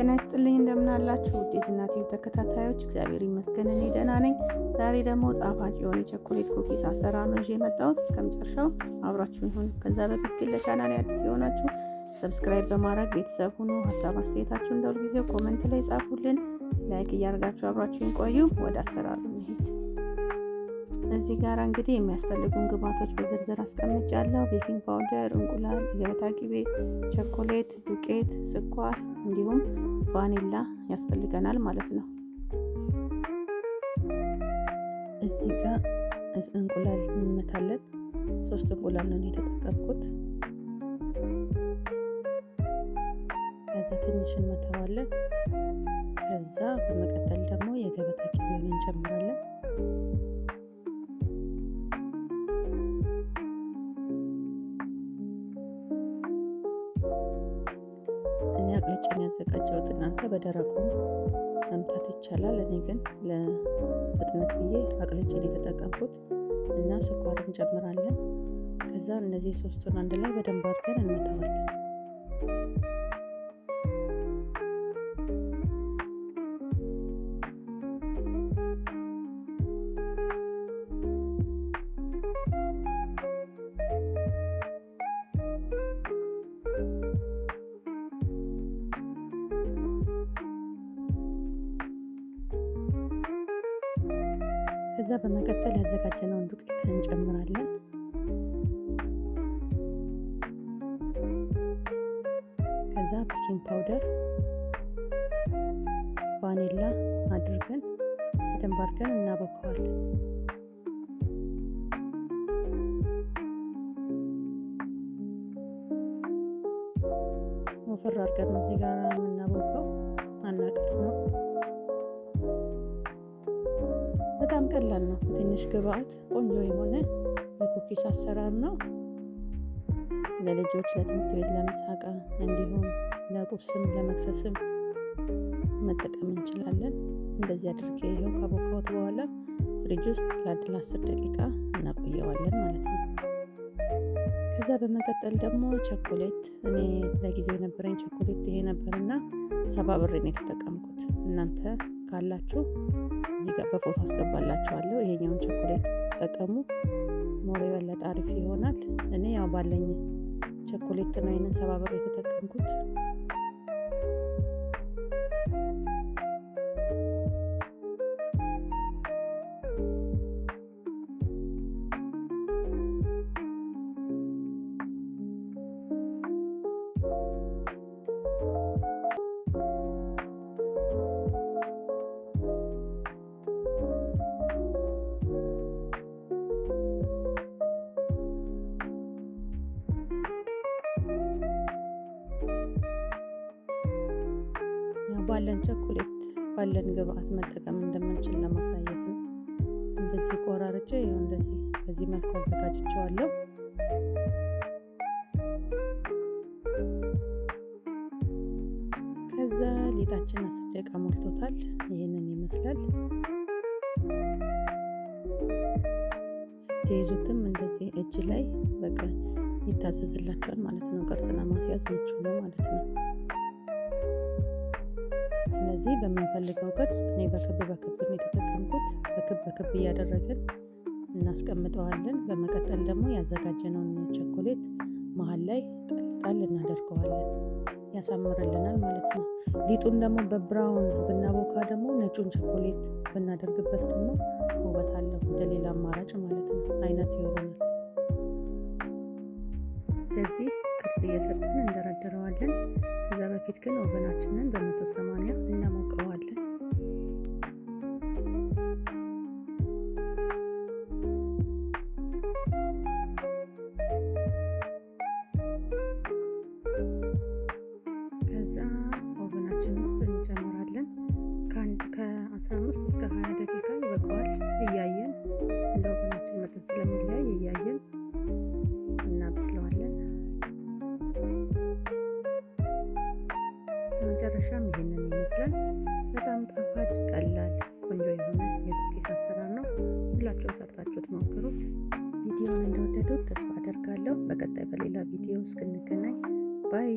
ጤና ይስጥልኝ እንደምን አላችሁ ውድ ተከታታዮች፣ እግዚአብሔር ይመስገን እኔ ደህና ነኝ። ዛሬ ደግሞ ጣፋጭ የሆነ የቸኮሌት ኩኪስ አሰራር ነው ይዤ የመጣሁት። እስከ መጨረሻው አብራችሁ ይሁን። ከዛ በፊት ግን ለቻናል አዲስ የሆናችሁ ሰብስክራይብ በማድረግ ቤተሰብ ሁኑ። ሀሳብ አስተያየታችሁ እንደሁል ጊዜው ኮመንት ላይ ጻፉልን። ላይክ እያደርጋችሁ አብራችሁን ቆዩ። ወደ አሰራሩ እንሂድ። እዚህ ጋር እንግዲህ የሚያስፈልጉን ግብዓቶች በዝርዝር አስቀምጫለሁ። ቤኪንግ ፓውደር፣ እንቁላል፣ የገበታ ቂቤ ቸኮሌት፣ ዱቄት፣ ስኳር እንዲሁም ቫኒላ ያስፈልገናል ማለት ነው። እዚህ ጋር እንቁላል እንመታለን። ሶስት እንቁላል ነው የተጠቀምኩት። ከዛ ትንሽ እንመታዋለን። ከዛ በመቀጠል ደግሞ የገበታ ቅቤውን እንጨምራለን። እኔ አቅልጬን ያዘጋጀሁት እናንተ በደረቁ መምታት ይቻላል። እኔ ግን ለፍጥነት ብዬ አቅልጬን የተጠቀምኩት እና ስኳር እንጨምራለን። ከዛ እነዚህ ሶስቱን አንድ ላይ በደንብ አድርገን እንመታዋለን። ከዛ በመቀጠል ያዘጋጀነውን ዱቄት እንጨምራለን። ከዛ ቤኪንግ ፓውደር፣ ቫኒላ አድርገን በደንብ አድርገን እናቦከዋለን። ወፈር አድርገን ነው እዚህ ጋር የምናቦከው አናቀጥ ነው በጣም ቀላል ነው። በትንሽ ግብአት ቆንጆ የሆነ የኩኪስ አሰራር ነው። ለልጆች ለትምህርት ቤት ለምሳቃ፣ እንዲሁም ለቁርስም ለመክሰስም መጠቀም እንችላለን። እንደዚህ አድርጌ ይኸው ካቦካሁት በኋላ ፍሪጅ ውስጥ ለአድል አስር ደቂቃ እናቆየዋለን ማለት ነው። ከዛ በመቀጠል ደግሞ ቸኮሌት እኔ ለጊዜው የነበረኝ ቸኮሌት ይሄ ነበርና ሰባ ብር ነው የተጠቀምኩት። እናንተ ካላችሁ እዚህ ጋር በፎቶ አስገባላችኋለሁ። ይሄኛውን ቸኮሌት ተጠቀሙ፣ ሞር የበለጠ አሪፍ ይሆናል። እኔ ያው ባለኝ ቸኮሌት ነው ይህንን ሰባ ብር የተጠቀምኩት። ባለን ቸኮሌት ባለን ግብአት መጠቀም እንደምንችል ለማሳየት ነው። እንደዚህ ቆራርጬ ይኸው እንደዚህ በዚህ መልኩ አዘጋጅቸዋለሁ። ከዛ ሊጣችን አስር ደቂቃ ሞልቶታል። ይህንን ይመስላል። ስትይዙትም እንደዚህ እጅ ላይ በቃ ይታዘዝላቸዋል ማለት ነው። ቅርጽ ለማስያዝ ምቹ ነው ማለት ነው። ስለዚህ በምንፈልገው ቅርጽ እኔ በክብ በክብ የተጠቀምኩት በክብ በክብ እያደረግን እናስቀምጠዋለን። በመቀጠል ደግሞ ያዘጋጀነውን ቸኮሌት መሀል ላይ ጣል እናደርገዋለን፣ ያሳምርልናል ማለት ነው። ሊጡን ደግሞ በብራውን ብናቦካ ደግሞ ነጩን ቸኮሌት ብናደርግበት ደግሞ ውበት አለው፣ ወደ ሌላ አማራጭ ማለት ነው አይነት ይሆናል። እንደዚህ ቅርጽ እየሰጠን እንደረድረዋለን። በፊት ግን ኦቨናችንን በመቶ ሰማንያ እናሞቀዋለን። ከዛ ኦቨናችን ውስጥ እንጨምራለን። ከአንድ ከ15 እስከ 20 ደቂቃ ይበቃዋል። እያየን እንደ ኦቨናችን መጠን ስለሚለያይ እያየን በጣም ጣፋጭ፣ ቀላል፣ ቆንጆ የሆነ የኩኪስ አሰራር ነው። ሁላችሁም ሰርታችሁት ሞክሩት። ቪዲዮውን እንደወደዱት ተስፋ አደርጋለሁ። በቀጣይ በሌላ ቪዲዮ እስክንገናኝ ባይ